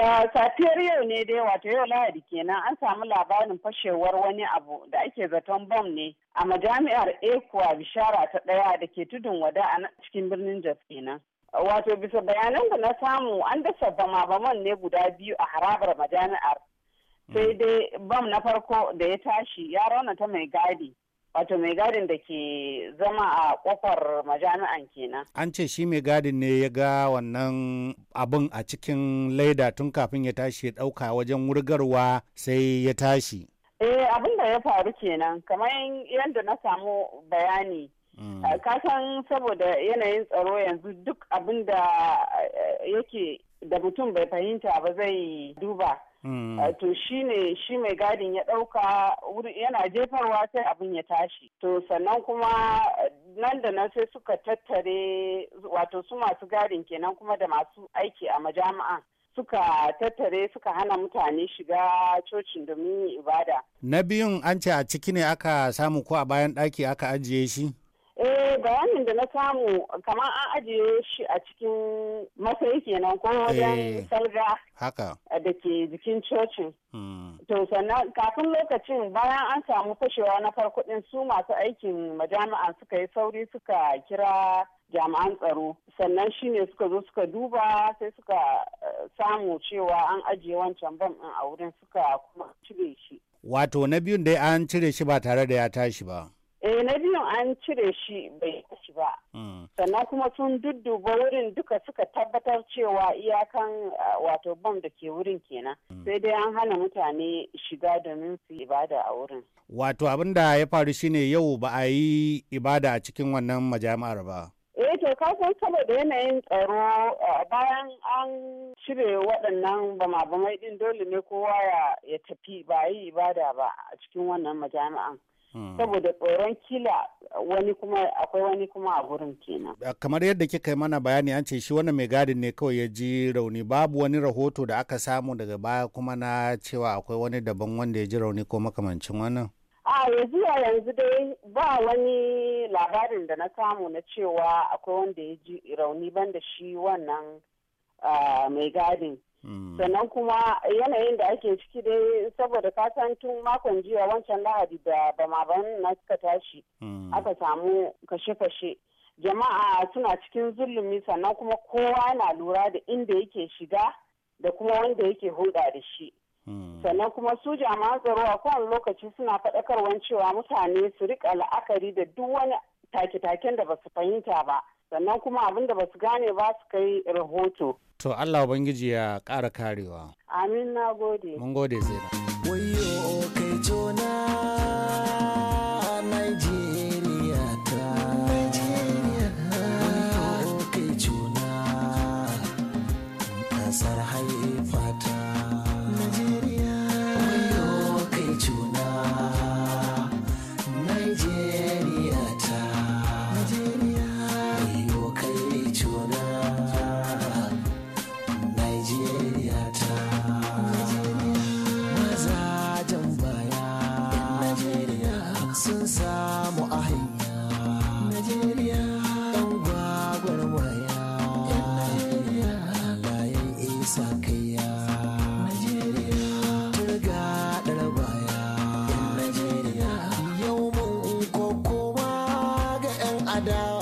Da safiyar yau ne dai wato yau Lahadi kenan an samu labarin fashewar wani abu da ake zaton bom ne a majami'ar Ekuwa Bishara ta daya da ke tudun wada a cikin birnin Jos kenan. Wato bisa bayanan da na samu an dasa bama-baman ne guda biyu a harabar majami'ar. Sai hmm. dai bom na farko da ya tashi ya raunata mai gadi wato mai gadin da ke zama a kofar majami'an kenan an ce shi mai gadin ne ya ga wannan abin a cikin laida tun kafin ya tashi ya ɗauka wajen wurgarwa sai ya tashi eh abin da ya faru kenan kamar yadda na samu bayani mm. kasan saboda yanayin tsaro yanzu duk abin da eh, yake da mutum bai fahimta ba zai duba hmm. eh, to shi ne shi mai gadin ya ɗauka yana jefarwa sai abin ya tashi to sannan kuma nan da nan sai suka tattare wato su masu gadin kenan kuma da masu aiki a majami'an suka tattare suka hana mutane shiga cocin domin ibada na biyun an ce a ciki ne aka samu ko a bayan ɗaki aka ajiye shi bayanin da na samu kamar an ajiye shi a cikin matsayi kenan ko eh, wajen salga da ke jikin cocin hmm. to sannan kafin lokacin bayan an samu fashewa na farko ɗin su masu aikin majami'a suka yi sauri suka kira jami'an tsaro sannan shi ne suka zo suka duba sai suka eh, samu cewa an ajiye wancan bam a wurin suka kuma cire shi wato na biyun dai an cire shi ba tare da ya tashi ba eh na biyun an cire shi bai tashi ba hmm. sannan kuma sun dudduba wurin duka suka tabbatar cewa iyakan wato bom da ke wurin kenan hmm. sai dai an hana mutane shiga domin su ibada a wurin wato abin da ya faru shine yau ba a yi ibada a cikin wannan majami'ar ba eh to kasan saboda yanayin tsaro bayan an cire waɗannan bama-bamai din dole ne kowa ya tafi ba yi ibada ba a cikin wannan majami'an Hmm. saboda tsoron kila wani kuma akwai wani kuma a gurin kenan kamar yadda kika yi mana bayani an ce shi wannan mai gadin ne kawai ya ji rauni babu wani rahoto da aka samu daga baya kuma na cewa akwai wani daban wanda ya ji rauni ko makamancin wannan a yanzu a yanzu dai ba wani labarin da na samu na cewa akwai wanda ya ji rauni banda shi wannan mai gadin sannan kuma yanayin da ake ciki dai saboda kasan tun makon jiya wancan lahadi da bamaban na suka tashi hmm. aka samu kashe-kashe jama'a suna cikin zulumi sannan kuma kowa na lura da inda yake shiga da kuma wanda yake hulɗa da shi hmm. sannan kuma su jami'an tsaro a kowane lokaci suna faɗakarwan cewa mutane su rika la'akari da duk wani take-taken da ba su fahimta ba sannan kuma abin da basu gane ba su kai rahoto. To Allah bangiji ya ƙara karewa. Amin na gode. Mun gode Zainab. Wayo I doubt.